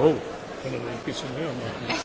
Oh, können